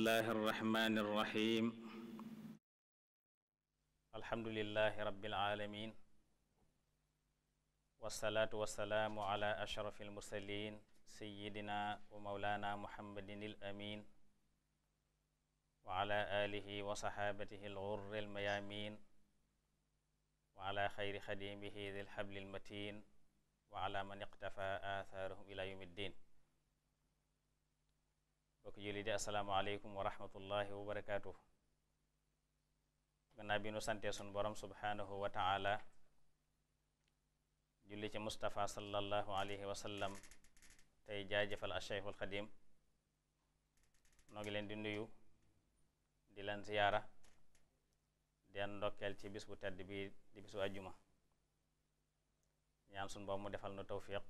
الله الرحمن الرحيم الحمد لله رب العالمين والصلاة والسلام على أشرف المرسلين سيدنا ومولانا محمد الأمين وعلى آله وصحابته الغر الميامين وعلى خير خديمه ذي الحبل المتين وعلى من اقتفى آثارهم إلى يوم الدين bokk julli di asalaamaaleykum wa rahmatullahi wa barakaatu. gannaaw bi nu santee sun borom subhaanahu wa taala julli ci Mustapha sallallahu alayhi wa sallam tey jaajëfal asheykhul xadim noo ngi leen di nuyu di leen ziyaara den ndokkeel ci bis tedd bi di bisu àjjuma ñaan sun boobu mu defal nu tawfiq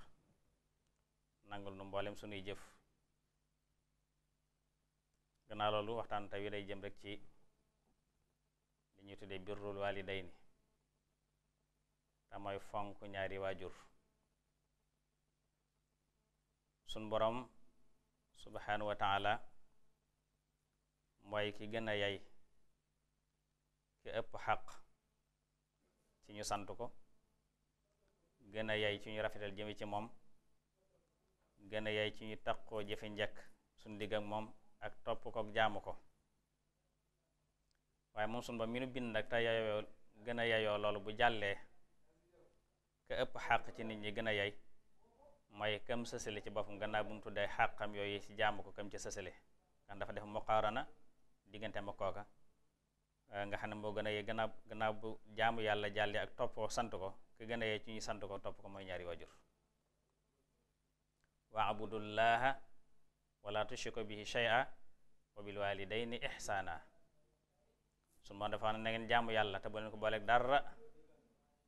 nangul nu mboolem sunuy jëf gannaaw loolu waxtaan taw yi day jëm rek ci li ñuy tuddee birrul waalidayni te mooy fonk ñaari waajur sun boroom subhanahu wa taala mooy ki gën a yay ki ëpp xaq ci ñu sant ko gën a yay ci ñu rafetal jëme ci moom gën a yay ci ñu taqoo jëfe njëkk suñ digg ak moom ak topp kook jaamu ko waaye moom sunu ba mi nu bind ak te yayoo gën a yayoo loolu bu jàllee ka ëpp xàq ci nit ñi gën a yay mooy kam sësale ci boppam gannaaw bu mu tuddee xàqam yooyu ci jaamu ko kam ci sësale kan dafa def muqaarana diggante ma kooka eh, nga xam ne moo gën a yee gannaaw gannaaw bu jaamu yàlla jàlle ak topp ko sant ko ki gën a yee ci ñu sant ko topp ko mooy ñaari waajur wa abudullaha wala tushriku bihi shay'a wa bil walidayni ihsana su ma dafa na ngeen jaamu yàlla te bu leen ko booleeg dara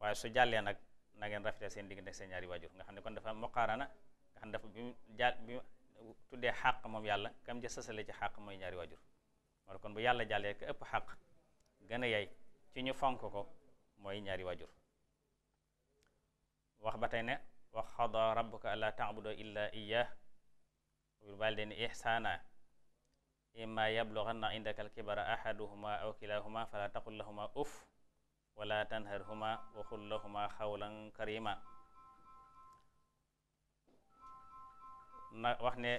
waaye su jàllee nag nangeen ngeen rafetal seen diggante seen ñaari waajur nga xam ne kon dafa muqaarana nga xam ne dafa tuddee xàq moom yàlla kam ja sësale ci xàq mooy ñaari waajur wala kon bu yàlla jàllee ka ëpp xàq gën ci ñu fonk ko mooy ñaari waajur wax ba tey ne wa xada rabbuka alla ta'budu illa iyyah wabil walidaini ihsana imma yablughanna indaka alkibara ahaduhuma aw kilahuma fala taqul lahuma uff wala tanharhuma wa qul lahuma xawlan karima na wax ne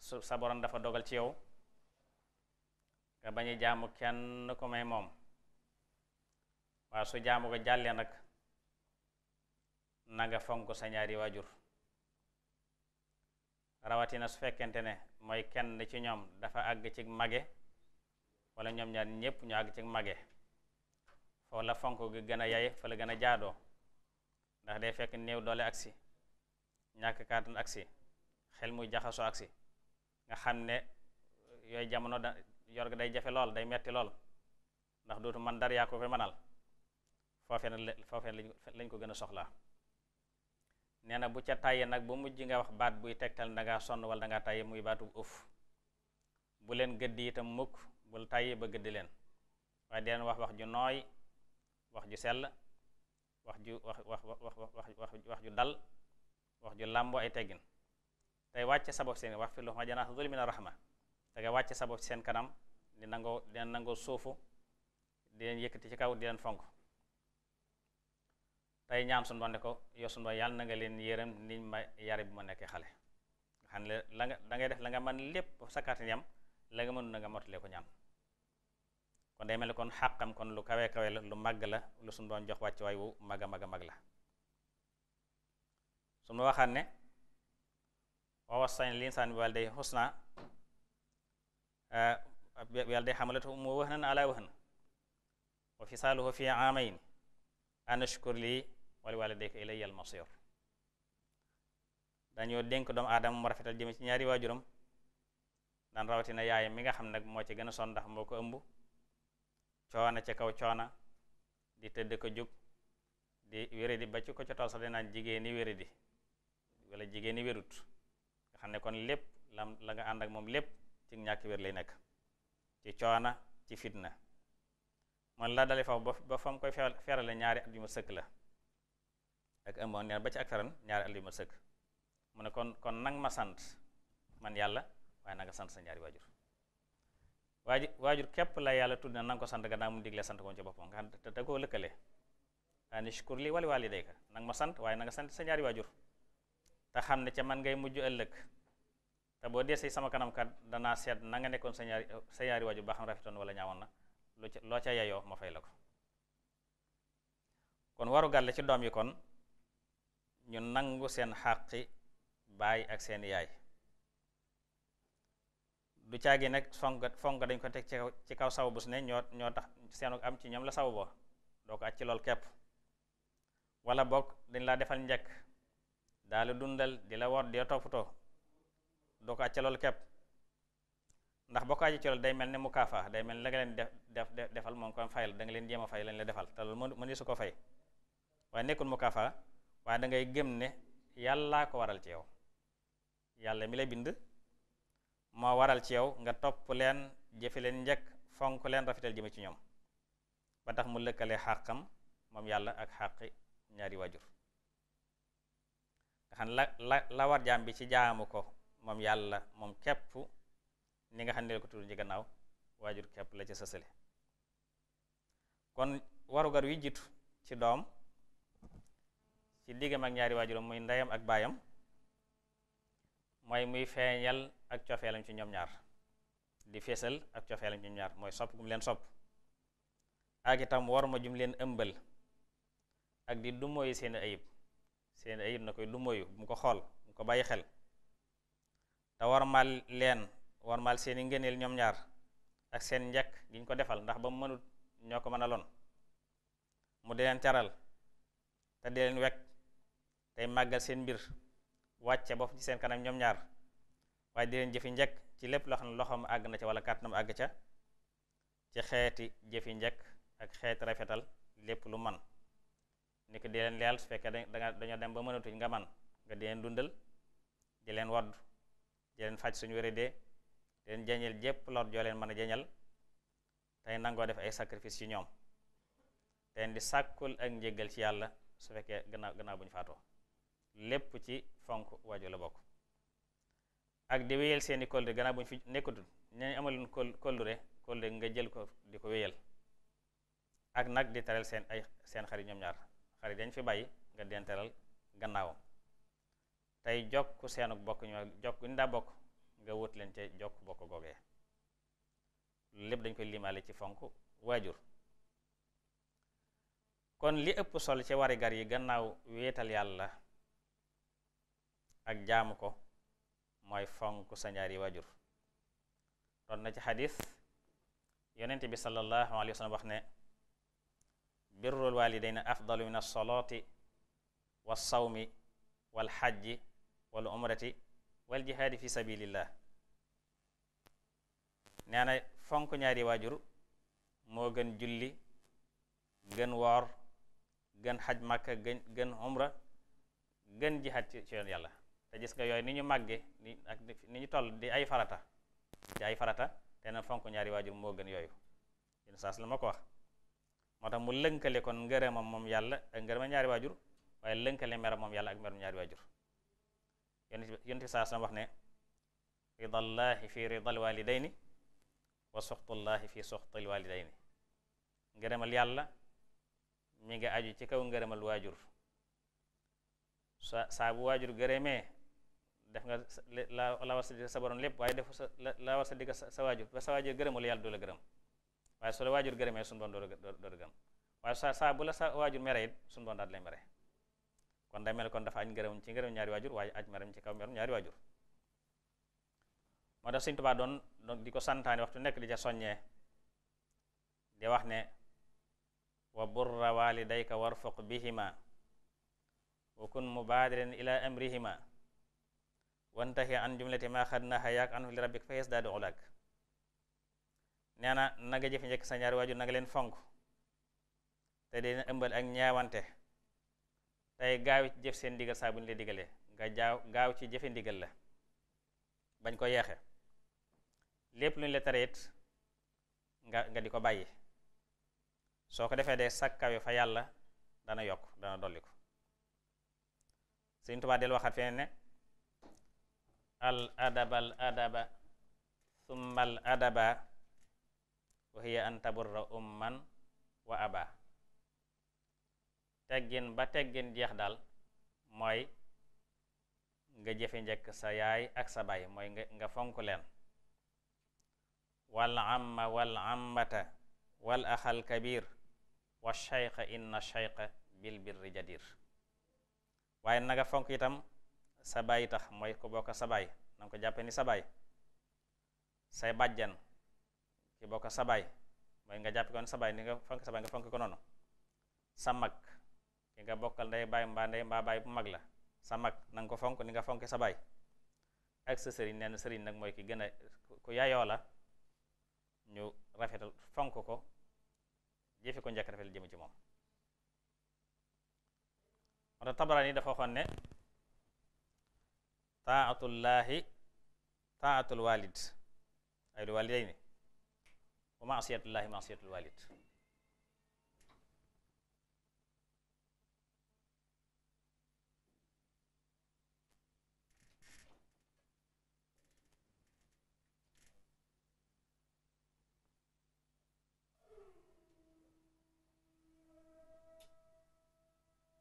sa borom dafa dogal ci yow nga bañ jaamu kenn ku may moom waa su jaamu ko jàllee nag na nga fonk waajur rawatina su fekkente ne mooy kenn ci ñoom dafa àgg ci mage walla ñoom ñaar ñépp ñu àgg ci mage foo la fonk gi gën a yaye fa la gën a jaadoo ndax day fekk néew doole agsi ñàkk kàttan agsi xel muy jaxasoo agsi nga xam ne yooyu jamono da yor gi day jafe lool day metti lool ndax dootu man dara yaa ko koy mënal foofee na foofee lañ ko gën a soxlaa nee na bu ca tàyyee nag bu mujj nga wax baat buy tegtal da sonn wala danga ngaa muy baatu ëf bu leen gëddi itam mukk bul tàyyi ba gëdd leen waaye wax wax ju nooy wax ju sell wax ju wax wax wax wax wax ju dal wax ju làmboo ay teggin tey wàcce sa bopp seen wax fi lu ma janaata dul mina rahma te nga wàcce sa bopp seen kanam di nangoo di nangoo suufu di leen yëkkati ci kaw di leen fonk tey ñaan suñu ba ko yow suñu ba yàlla na leen yërëm niñ ma yare bi ma nekkee xale nga xam ne la nga ngay def langa nga mën lépp sa kàttan yam la nga mënu na nga ko ñaan kon day mel ne kon xàqam kon lu kawe kawe la lu màgg la lu suñu ba jox wàcc waay wu mag a mag a mag la suñu waxaat ne wa wasayn lil insaani bi waalidayhi husnaa ah, yàlla wa fisaaluhu fi aamayn an ashkur lii wali walidayka ilayya al-masir dañoo dénk doomu aadama mu rafetal jëme ci ñaari waajuram daan rawatina yaayam mi nga xam nag moo ci gën a sonn ndax moo ko ëmb coona ca kaw coona di tëdd ko jóg di wéradi ba ci ko ca tool sax dinaan jigéen ni wéradi wala jigéen wérut nga xam ne kon lépp lam la nga ànd ak moom lépp ci ñàkk wér lay nekk ci coona ci fitna man la dale foofu ba fa mu koy ferale ñaari at yu ma sëkk la ak ëmboon neen ba ci ak taran ñaari at ma sëkk mu ne kon kon nang ma sant man yàlla waaye nanga sant sa ñaari waajur waajur waajur képp la yàlla tudd na nanga ko sant gannaaw mu digle sant ko ci boppam nga xam te da koo lëkkale ani shkur li wali walidayka nanga ma sant waaye nanga sant sa ñaari waajur te xam ne ca man ngay mujj ëllëg te boo dee sama kanam danaa seet na nga nekkoon sa ñaari sa ñaari waajur ba xam rafetoon wala ñaawoon na loo ca loo ca yayoo ma fay la ko kon waru ci doom yi kon ñu nangu seen xàqi baay ak seen yaay du caagi nag fonk fonk dañ ko teg ci kaw saw bu su ne ñoo ñoo tax seenu am ci ñoom la saw boo doo ko acci lool képp wala boog dañ laa defal njëkk daal dundal di la wor di la toppatoo doo ko acci lool képp ndax boo ko acci ci lool day mel ne mu day mel ne la nga leen def defal moom ko fay la da leen jéem fay lañ la defal te loolu mënu su ko fay waaye nekkul mu waaye da ngay gëm ne yàllaa ko waral ci yow yàlla mi la bind moo waral ci yow nga topp leen jëfe leen njëkk fonk leen rafetal jëme ci ñoom ba tax mu lëkkale xàqam moom yàlla ak xàqi ñaari waajur nga xam la la la war bi ci jaamu ko moom yàlla moom képp ni nga xam ne ko tudd ci gannaaw waajur képp la ca sësale kon warugar wi jiitu ci doom ci diggam ak ñaari waajuram muy ndeyam ak baayam mooy muy feeñal ak cofeelam ci ñoom ñaar di feesal ak cofeelam ci ñoom ñaar mooy sopp gum leen sopp ak itam war ma jum leen ëmbal ak di dumóoyu seen ayib seen ayib na koy dumóoyu bu mu ko xool bu mu ko bàyyi xel te war mal leen warmal seeni ngëneel ñoom ñaar ak seen njëkk gi ñu ko defal ndax ba mu mënut ñoo ko mën a lon mu di leen caral te di leen wekk tey màggal seen mbir wàcce bopp ci seen kanam ñoom ñaar waaye di leen jëfi njëkk ci lépp loo xam ne loxoom àgg na ca wala kàttanam àgg ca ci xeeti jëfi njëkk ak xeeti rafetal lépp lu man ni ko di leen leyal su fekkee danga dañoo dem ba mënatuñ nga man nga di leen dundal di leen wadd di leen faj suñu wéradee di den jañal jépp lor joo leen mën a jañal tey nangoo def ay sacrifice ci ñoom te di sàkkul ak njéggal ci yàlla su fekkee gannaaw gannaaw bu ñu faatoo lépp ci fonk waajur la bokk ak di wéyal seeni kóllëre gannaaw bu ñu fi nekkatul ñañ amaloon kóllëre kóllëre nga jël ko di ko wéyal ak nag di teral seen ay seen xarit ñoom ñaar xarit dañ fi bàyyi nga den teral gannaawam tey jokk seenu bokk ñu jokk ñu bokk nga wut leen jokk bokk googee lépp dañ koy limaale ci fonk waajur kon li ëpp solo ci wari yi gannaaw wéetal yàlla ak jaamu ko mooy fonk sa ñaari waajur doon na ci xadis yonent bi sallallahu alayhi wa sallam wax ne birrul walidayni afdalu min as-salati was sawmi wal xajji wa umrati wa jihaadi fi sabilillah nee na fonk ñaari waajur moo gën julli gën woor gën xaj màkka gën gën umra ci yoon yàlla te gis nga yooyu ni ñu màgge ni ñu toll di ay farata di ay farata te na fonk ñaari waajur moo gën yooyu yéen saas la ma ko wax moo tax mu lënkale kon ngërëmam moom yàlla ak ngërëma ñaari waajur waaye lënkale meram moom yàlla ak meram ñaari waajur yonent bi saas la wax ne ridallahi fi ridal walidayni wa soxtullahi fi soxtil walidayni ngërëmal yàlla mi nga aju ci kaw ngërëmal waajur sa saa bu waajur gërëmee def nga la la war sa digg sa borom lépp waaye defu sa la war sa digg sa waajur ba sa waajur gërëmul yàlla du gërëm waaye su waajur gërëmee suñu borom doo la gërëm waaye sa saa bu la sa waajur mere it suñu borom daal lay mere kon day mel kon dafa aj ngërëm ci ngërëm ñaari waajur waaye aj merem ci kaw merum ñaari waajur moo tax Sëñ Tuubaa doon di ko santaane waxtu nekk di ca soññee di wax ne wa burra walidayka warfuq bihima wa kun mubadiran wantahi an jumlati ma xad na hayaak anhu li rabbik fayes daa di ulaak nee na nanga jëf sa ñaari waajur nanga leen fonk te dina ëmbal ak ñaawante tey gaaw ci jëf seen ndigal saa bu la digalee nga jaaw gaaw ci jëfe ndigal la bañ ko yeexe lépp lu ñu la tere it nga nga di ko bàyyi soo ko defee dee sakkawe fa yàlla dana yokk dana dolli ko Sëñ Tuubaa del waxaat feneen ne al adaba al adaba summa al adaba wa hiya an taburra umman wa aba teggin ba teggin jeex daal mooy nga jëfe njëkk sa yaay ak sa baay mooy nga fonk leen wal amma wal ammata wal axal kabir wa shayqa inna shayqa bil birri jadir waaye nanga fonk itam sa baay tax mooy ko bokk sa baay na nga ko jàppe ni sa baay say bàjjan ki bokk sa baay mooy nga jàppe ko ni sa baay ni nga fonk sa baay nga fonk ko noonu sa mag ki nga bokkal nday baay mbaa nday mbaa baay bu mag la sa mag na ko fonk ni nga fonk sa baay ak sa sëriñ nee na sëriñ nag mooy ki gën a ku yaayoo la ñu rafetal fonk ko jëfe ko njëkk rafetal jëm ci moom moo tax Tabarani dafa waxoon ne taatullaahi taatul walid ay lu walidayni wa maasiyatullaahi maasiyatul walid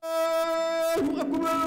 Allahu akbar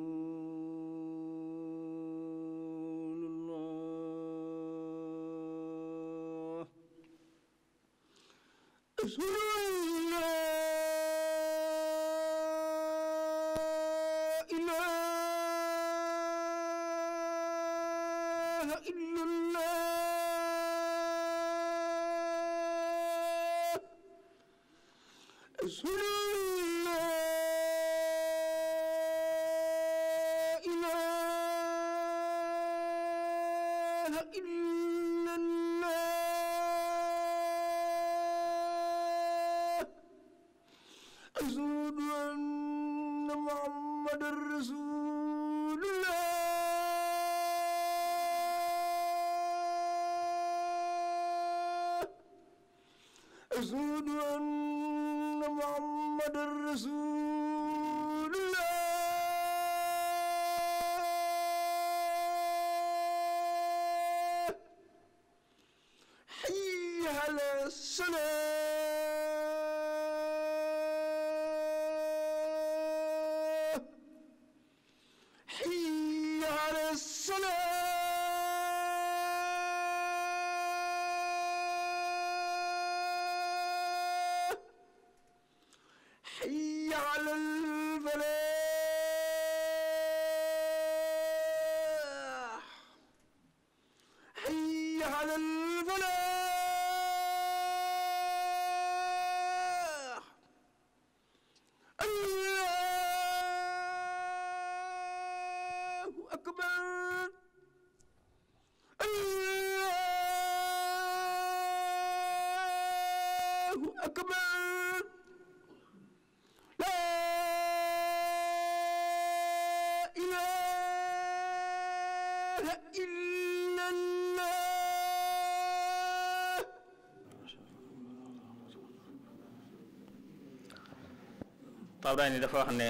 Xawraani dafa wax ne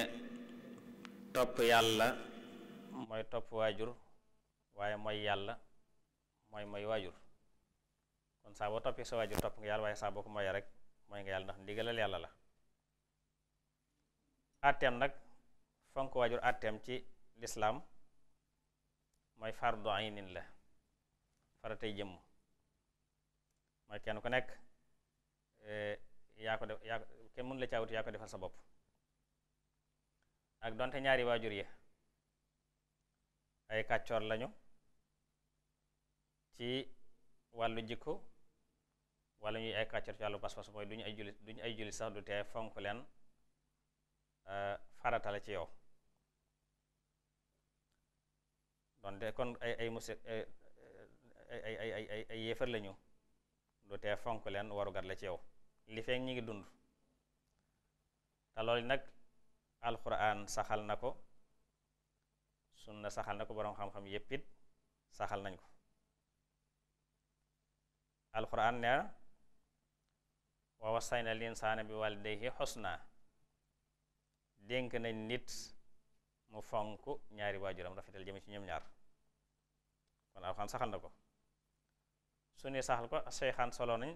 topp yàlla mooy topp waajur waaye mooy yàlla mooy mooy waajur kon saa boo toppee sa waajur topp nga yàlla waaye saa boo ko mooyee rek mooy nga yàlla ndax ndigalal yàlla la àtteem nag fonk waajur àtteem ci lislaam mooy fardu aynin la faratay jëmm mooy kenn ku nekk eh, yaa ko def yaa kenn mënu la caawut yaa ko defal sa bopp ak donte ñaari waajur ya ay kàccoor lañu ci wàllu jikko wala ñuy ay kàccoor ci wàllu pas-pas mooy duñu ay jullit duñu ay jullit sax du tee fonk leen euh, farata la ci yow donte kon ay ay musi ay lañu du tee fonk leen warugat la ci yow li feek ñi ngi dund te loolu nag alquran saxal na ko sunna saxal na ko boroom xam-xam yépp saxal nañ ko alquran nee na wa wasayna al saana bi walidayhi xusna dénk nañ nit mu fonk ñaari waajuram rafetal jëme ci ñoom ñaar kon alxuraan saxal na ko su ne saxal ko seyxaan solo nañ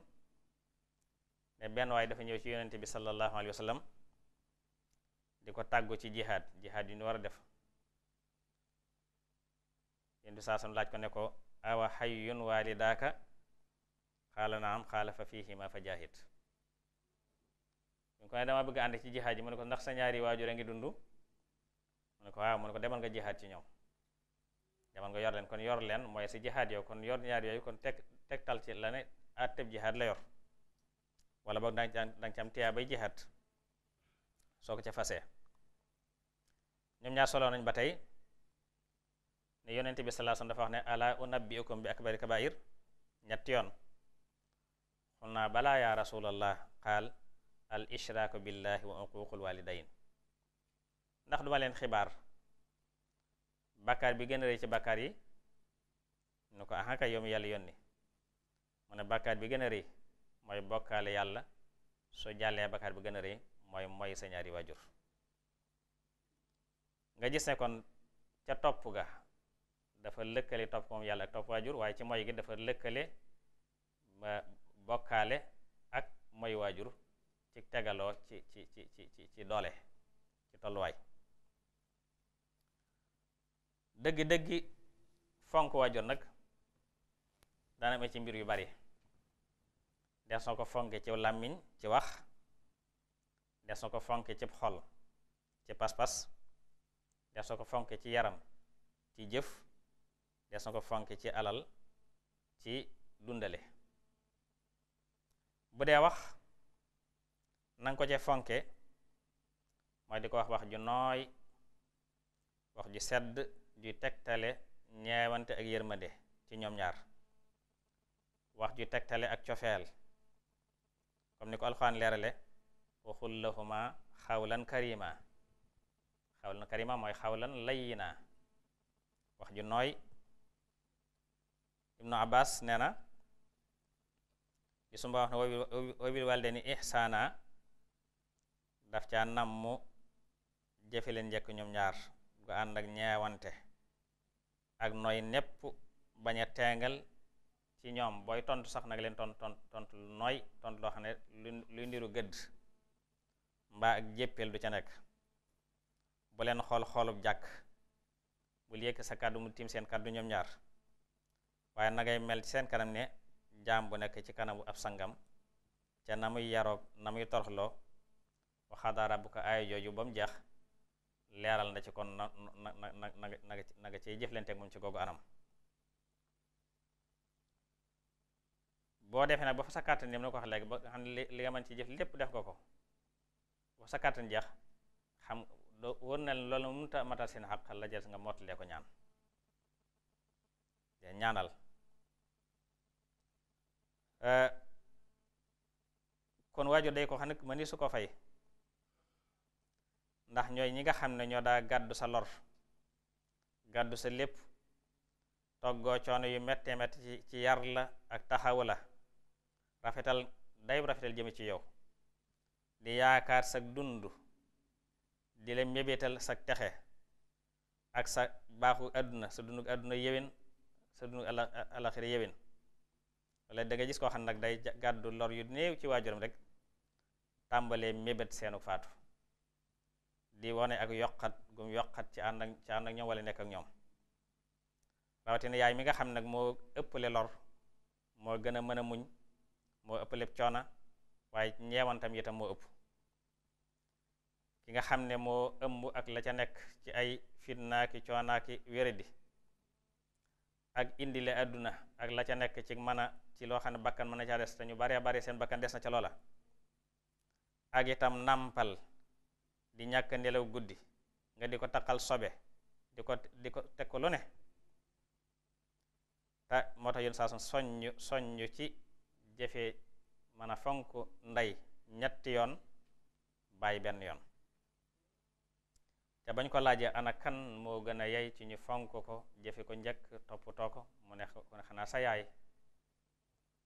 ne benn waaye dafa ñëw ci yonente bi sallallahu alayhi wa di ko tàggu ci jihaad jihaad yu ñu war a def yéen du saasam laaj ko ne ko awa xayyun daaka xaala na am xaala fa fiihima fa jaahid ñu ko ne dama bëgg ànd ci jihaad ji mu ne ko ndax sa ñaari waajur a ngi dund mu ne ko waaw mu ne ko demal nga jihaad ci ñoom demal nga yor leen kon yor leen mooy si jihaad yow kon yor ñaar yooyu kon teg tegtal ci la ne atteb jihaad la yor wala boog danga ci am tiyaa bay jihaad soo ko ca fasee ñoom ñaar solo nañ ba tey ne yonent bi sallallahu dafa wax ne ala unabbiukum bi akbari kabair ñetti yoon xul naa balaa ya rasulallah qaal al ishraaku billahi wa uququl walidayn ndax duma leen xibaar bàkkaar bi gën a rëy ci bàkkaar yi nu ko axakay yow mi yàlla yónni mu ne bàkkaar bi gën a rëy mooy bokkaale yàlla soo jàllee bàkkaar bi gën a rëy mooy mooy sa ñaari waajur nga gis ne kon ca topp ga dafa lëkkale topp moom yàlla ak topp waajur waaye ci moy gi dafa lëkkale ma bokkaale ak moy waajur ci tegaloo ci ci ci ci ci doole ci tolluwaay dëggi-dëggi fonk waajur nag dana ci mbir yu bari des na ko fonke ci làmmiñ ci wax des na ko fonke ci xol ci pas-pas des na ko fonke ci yaram ci jëf des na ko fonke ci alal ci dundale bu dee wax nanga ko ci fonke mooy di ko wax wax ju nooy wax ju sedd ju tegtale ñeewante ak yërmande ci ñoom ñaar wax ju tegtale ak cofeel comme ni ko alxuraan leerale waxul lahuma xawlan karima xawlan karima mooy xawlan layyina wax ju nooy ibnu abbas nee na li sumba wax ne wa bil waldeni ihsaana daf ca nammu jëfe leen njëkk ñoom ñaar gu ànd ak ñeewante ak nooy nepp bañ a ci ñoom booy tont sax nag leen tontu tontu lu nooy tontu loo xam ne luy ndiru gëdd mbaa ak jéppeel du ca nekk baleen xool xoolub jàkk bul yëkk sa kàddu mu tiim seen kàddu ñoom ñaar waaye na ngay mel seen kanam ne jaam bu nekk ci kanamu ab sangam ca na muy yaroog na muy toroxloo waxaadaa ko aaya jooju ba mu jeex leeral na ci kon na na na na na na nga cay jëflanteeg moom ci googu anam boo defee nag ba fa sa kàttan yam na ko léegi ba xam ne li nga mën ci jëf lépp def ko ko ba fa sa kàttan jeex xam loo wóor na leen loolu mënut a matal seen xaq la jël nga lee ko ñaan de ñaanal euh, kon waajur day ko xam ne ma su ko fay ndax ñooy ñi nga xam ne ñoo daa gàddu sa lor gàddu sa lépp toggoo coono yu méttee mett ci ci yar la ak taxawu la rafetal day rafetal jëme ci yow di yaakaar sa dund di leen mébétal sa texe ak sa baaxu àdduna sa dunug àdduna yéwén sa dunug alaxira yéwén wala da nga gis koo xam nag day gàddu lor yu néew ci waajuram rek tàmbalee mébét seenu faatu di wane ak yokkat gum yokkat ci ànd ak ci ñoom wala nekk ak ñoom rawatina yaay mi nga xam nag moo ëpple lor moo gën a mën a muñ moo ëpple coona waaye ñeewantam itam moo ëpp ki nga xam ne moo ëmb ak la ca nekk ci ay fitnaaki coonaaki wéradi ak indile àdduna ak la ca nekk ci mën ci loo xam ne bakkan mën na caa des te ñu baree bare seen bakkan des na ca loola ak itam nàmpal di ñàkk nelaw guddi nga di ko taqal sobe di ko ko teg ko lu ne te moo tax yén saa su soññ soññ ci jëfe mën fonk ndey ñetti yoon bàyyi benn yoon te bañ ko laajee ana kan moo gën a yey ci ñu fonk ko jëfe ko njëkk toppatoo ko mu ne ko xanaa sa yaay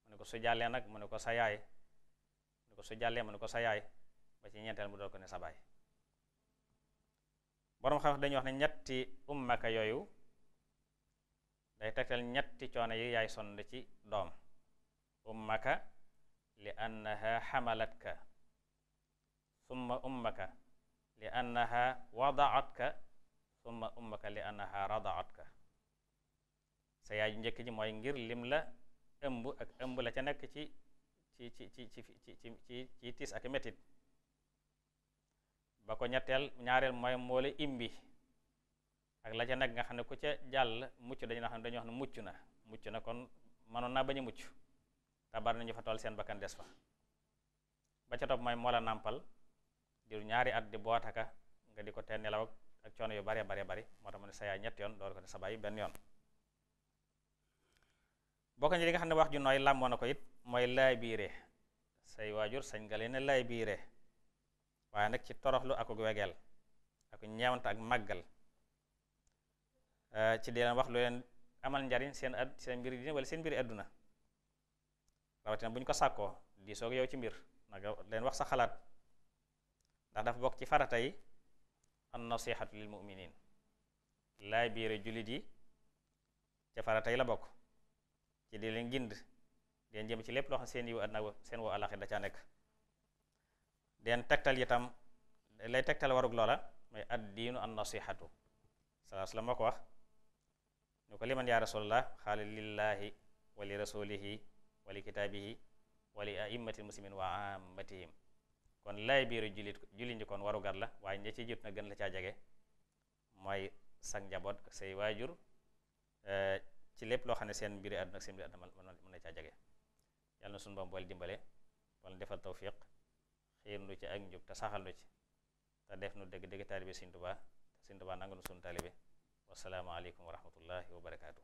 mu ne ko su jàllee nag mu ne ko sa yaay ko su jàllee mu ne ko sa yaay ba ci ñeenteel mu dool ko ne sa baay boroom xam dañuy wax ne ñetti ummaka yooyu day tegtal ñetti coono yi yaay sonn ci doom ummaka li annaha xamalatka summa ummaka li annaha wadaatka summa ummaka li annaha yaay ju njëkk ji mooy ngir lim la ëmb ak ëmb la ca nekk ci ci ci ci ci ci ci tiis ak metit ba ko ñetteel ñaareel mooy moo la imbi ak la ca nekk nga xam ne ku ca jàll mucc dañu xam ne dañuy wax ne mucc na mucc na kon mënoon naa bañ a mucc tabar nañu fa tool seen bakkan des fa ba ca topp mooy moo la nàmpal diiru ñaari at di bootaka nga di ko teel nelaw ak coono yu bare bare bari moo tax mu ne sa yaay ñett yoon door ko ne sa baay benn yoon bokk na li nga xam ne wax ju nooy làmboon ko it mooy laay biire say waajur sañ nga leen laay biire waaye nag ci toroxlu ak wegeel ak ñeewante ak màggal eh, ci di leen wax lu leen amal njariñ seen ad seen mbir dina wala seen mbiri àdduna rawatina bu ñu ko sàkkoo di soog yow ci mbir nag leen wax sa xalaat ndax dafa bokk ci farata yi an nasihatu lil muminin laay biire jullit yi ca farata la bokk ci di leen gind deen jëm ci lépp loo xam seen yiw àddina seen woo nekk den tegtal itam lay tegtal warug loola mooy ad diinu nasihatu salaas la moo ko wax ñu ko liman yaa rasulallah xaala lillahi wa li rasulihi wa li kitaabihi wa li aimmatil muslimin wa ammatihim kon lay biiru jullit jullit ñi kon warugar la waaye ña ci jiit na gën la caa jege mooy sag njaboot ak say waajur eh, ci lépp loo xam ne seen mbiri àdduna ak seen mbiri àdduna mën na caa jege yàlla na suñu boom boole dimbale wala defal tawfiq xiir nu ci ak njub te saxal nu ci te def nu dëgg dëgg taalibe Sëriñ Tuubaa te Sëriñ Tuubaa nanga nu suñu taalibe wasalaamu aleykum wa rahmatullahi wa barakaatu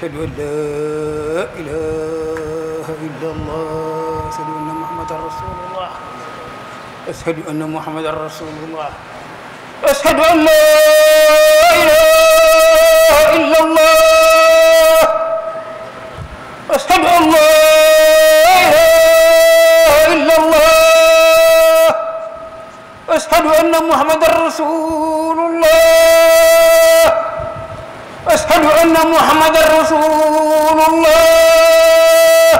ashhadu an laa ilaaha illa allah ashhadu anna muhammadan rasulullah ashhadu anna muhammadan rasulullah ashhadu an laa ilaaha illa allah ashhadu an laa ilaaha illa allah ashhadu anna muhammadan rasul أشهد أن محمدا رسول الله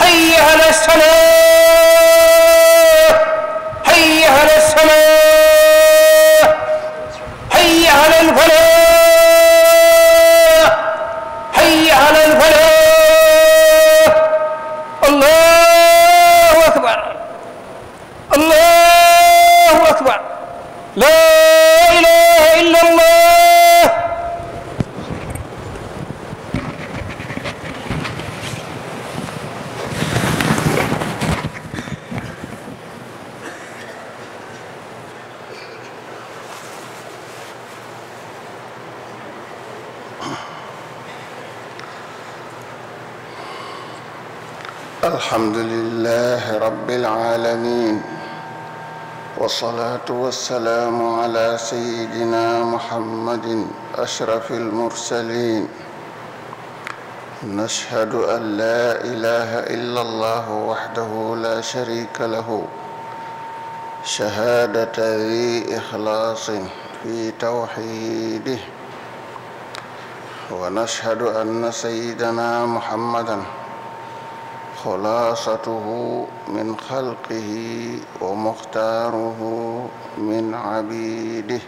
حي على الصلاة حي على الصلاة حي على الفلاح الحمد لله رب العالمين والصلاة والسلام على سيدنا محمد أشرف المرسلين نشهد أن لا إله إلا الله وحده لا شريك له شهادة ذي إخلاص في توحيده ونشهد أن سيدنا محمدًا خلاصته من خلقه ومختاره من عبيده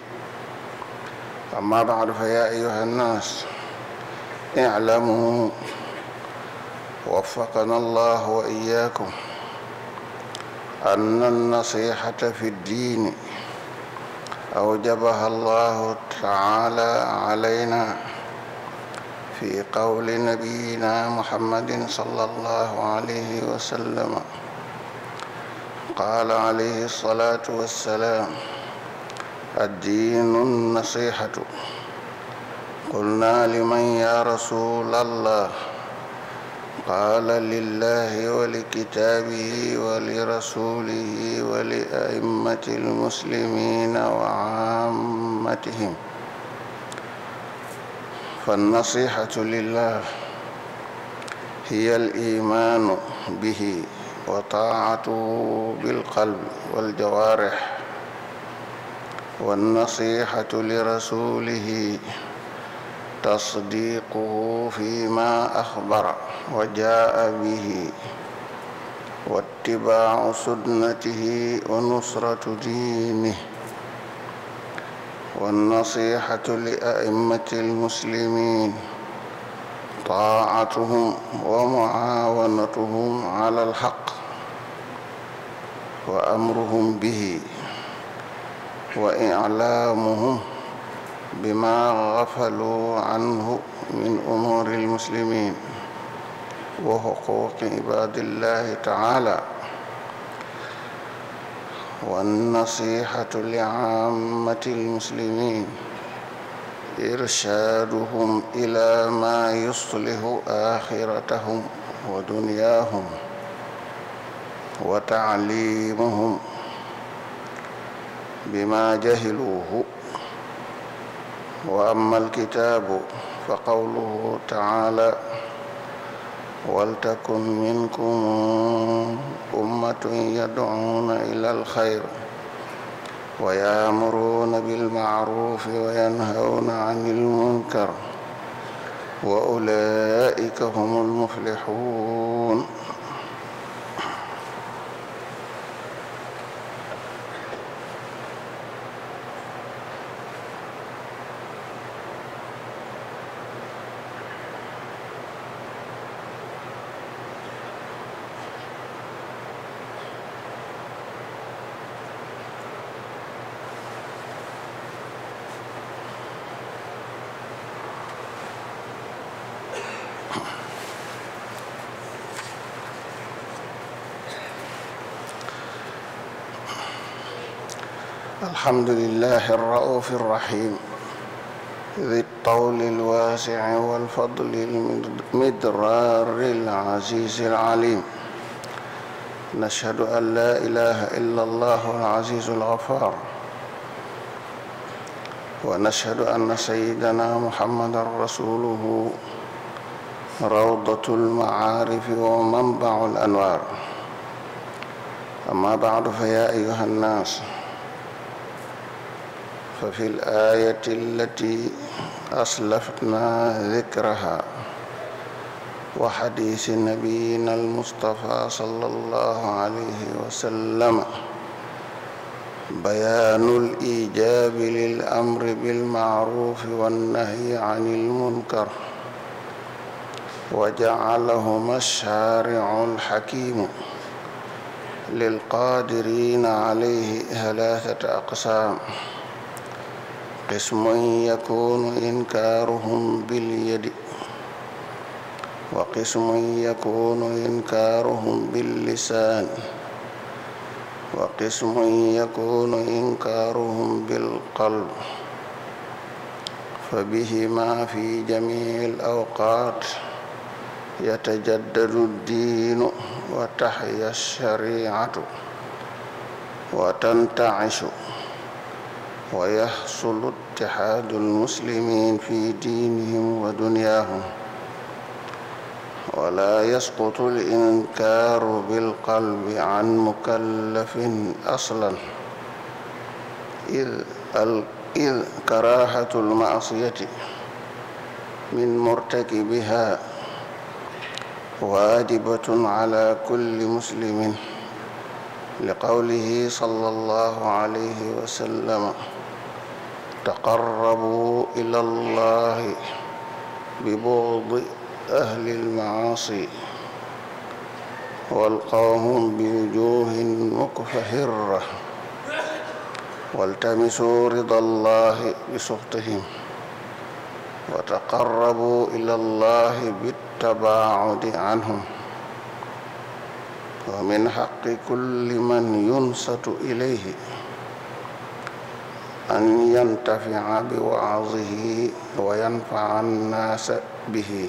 أما بعد فيا أيها الناس اعلموا وفقنا الله وإياكم أن النصيحة في الدين أوجبها الله تعالى علينا في قول نبينا محمد صلى الله عليه وسلم قال عليه الصلاة والسلام الدين النصيحة قلنا لمن يا رسول الله قال لله ولكتابه ولرسوله ولأئمة المسلمين وعامتهم فالنصيحة لله هي الإيمان به وطاعته بالقلب والجوارح والنصيحة لرسوله تصديقه فيما أخبر وجاء به واتباع سنته ونصرة دينه والنصيحة لأئمة المسلمين طاعتهم ومعاونتهم على الحق وأمرهم به وإعلامهم بما غفلوا عنه من أمور المسلمين وحقوق عباد الله تعالى والنصيحة لعامة المسلمين إرشادهم إلى ما يصلح آخرتهم ودنياهم وتعليمهم بما جهلوه وأما الكتاب فقوله تعالى ولتكن منكم أمة يدعون إلى الخير ويأمرون بالمعروف وينهون عن المنكر وأولئك هم المفلحون الحمد لله الرؤوف الرحيم ذي الطول الواسع والفضل المدرار العزيز العليم نشهد أن لا إله إلا الله العزيز الغفار ونشهد أن سيدنا محمد رسوله روضة المعارف ومنبع الأنوار أما بعد فيا أيها الناس fa fi alayati allati aslafna dikraha wa xadiisi nabiyina almustafa sallallahu alayhi wa sallam bayaanul ijaabi lil amri bil maaruufi wan nahyi anil munkar wa jacalahuma shaaricu alxakiimu lilqaadiriina alayhi talaatata aqsaam قسم يكون إنكارهم باليد وقسم يكون إنكارهم باللسان وقسم يكون إنكارهم بالقلب فبهما في جميع الأوقات يتجدد الدين وتحيا الشريعة وتنتعش ويحصل اتحاد المسلمين في دينهم ودنياهم ولا يسقط الإنكار بالقلب عن مكلف أصلا إذ, إذ كراهة المعصية من مرتكبها واجبة على كل مسلم لقوله صلى الله عليه وسلم تقربوا إلى الله ببغض أهل المعاصي والقاهم بوجوه مكفهرة والتمسوا رضا الله بسخطهم وتقربوا إلى الله بالتباعد عنهم ومن حق كل من ينسط إليه an yantafia bi waazihi wa yanfaa annaasa bihi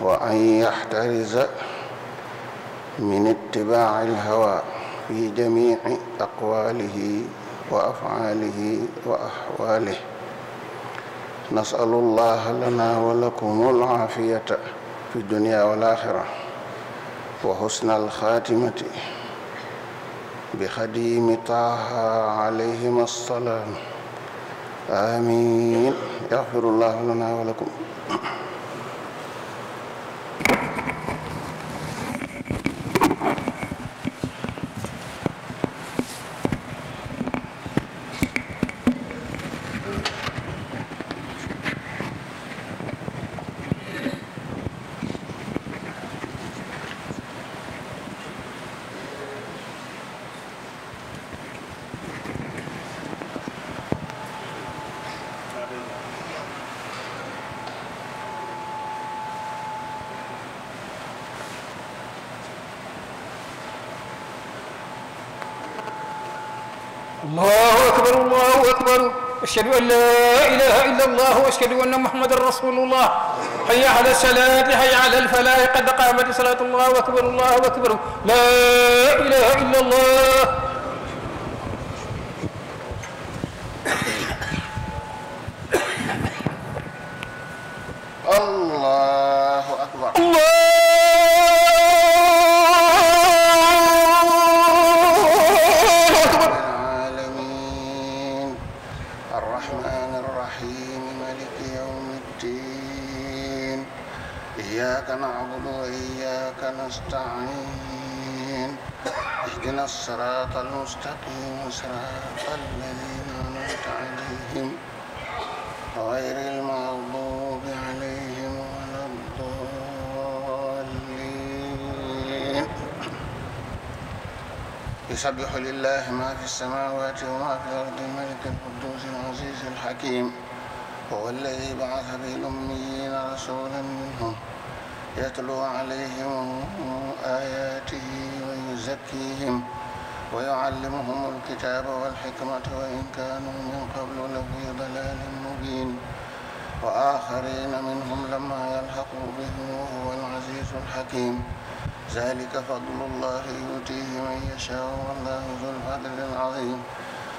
wa an yaxtarisa min itibaaci alhawa fi jamici aqwaalihi wa afcaalihi wa axwaalihi nasalu allaha lana wa lakum alcaafiyata fi dunya wal axira wa xusna alxaatimati بخديم طه عليهما السلام آمين يغفر الله لنا ولكم أكبر الله أكبر أشهد أن لا إله إلا الله وأشهد أن محمدا رسول الله حي على الصلاة حي على الفلاح قد قامت صلاة الله أكبر الله أكبر لا إله إلا الله الأرض ملك القدوس العزيز الحكيم هو الذي بعث في الأميين رسولا منهم يتلو عليهم آياته ويزكيهم ويعلمهم الكتاب والحكمة وإن كانوا من قبل لفي ضلال مبين وآخرين منهم لما يلحقوا بهم وهو العزيز الحكيم ذلك فضل الله يؤتيه من يشاء والله ذو الفضل العظيم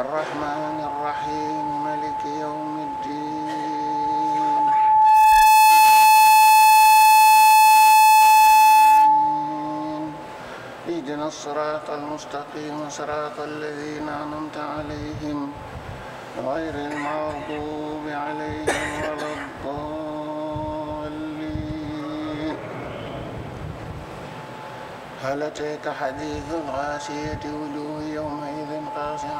الرحمن الرحيم ملك يوم الدين اهدنا الصراط المستقيم صراط الذين أنعمت عليهم غير المغضوب عليهم ولا الضالين هل أتيك حديث الغاشية وجوه يومئذ خاشعة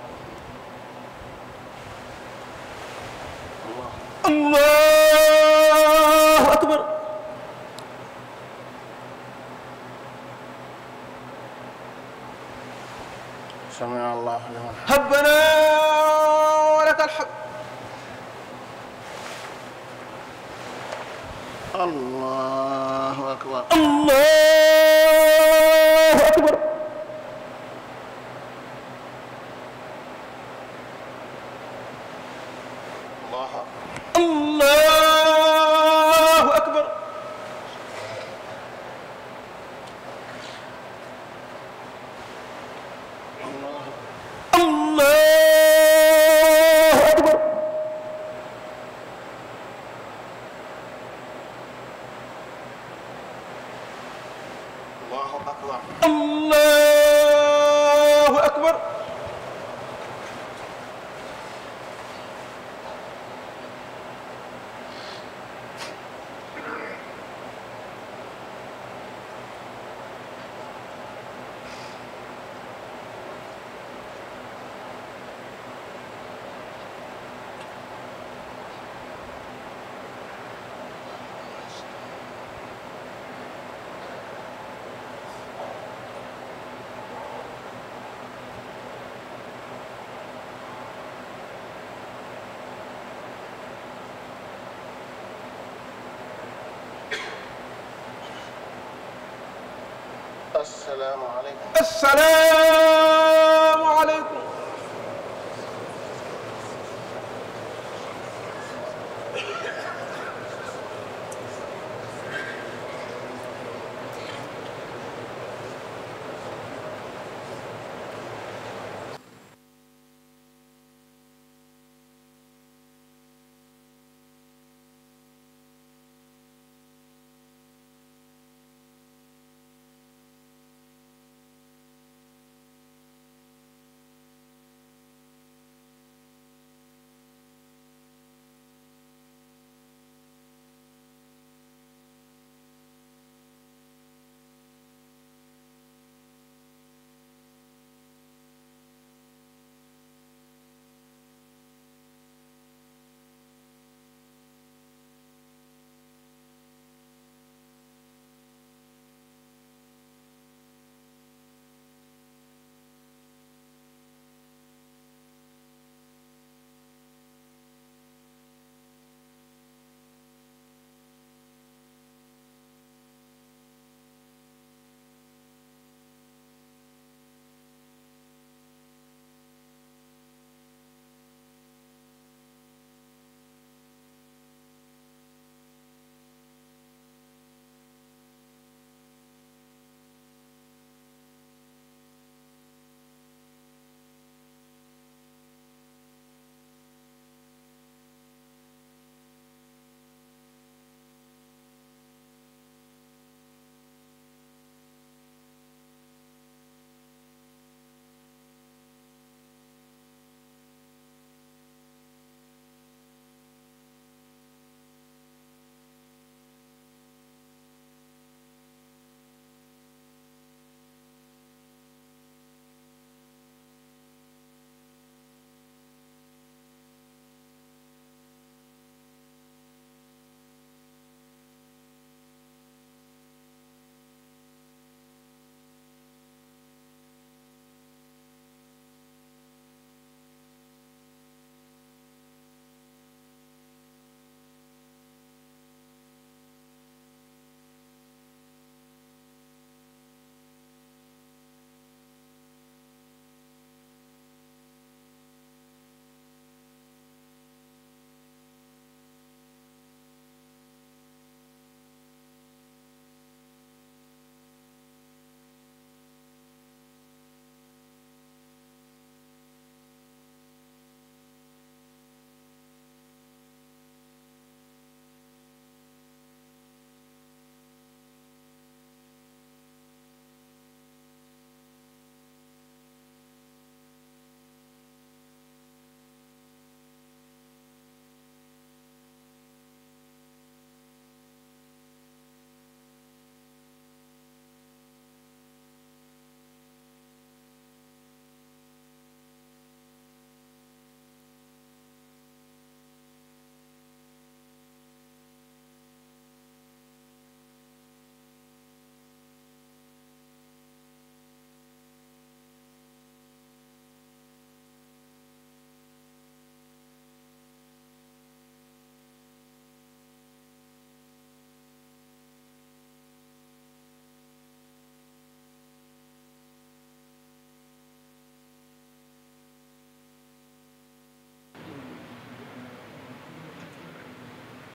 allahu akbar sami'a allahu liman rabbana wa lakal hamd allahu akbar allah assalaamu aleykum